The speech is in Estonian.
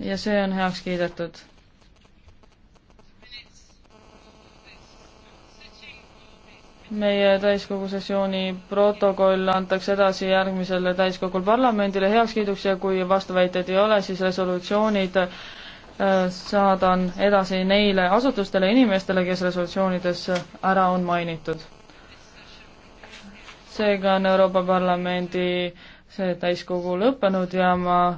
ja see on heaks kiidetud. meie täiskogu sessiooni protokoll antakse edasi järgmisele täiskogul parlamendile heakskiiduks ja kui vastuväiteid ei ole, siis resolutsioonid äh, saadan edasi neile asutustele ja inimestele, kes resolutsioonides ära on mainitud. seega on Euroopa Parlamendi see täiskogu lõppenud ja ma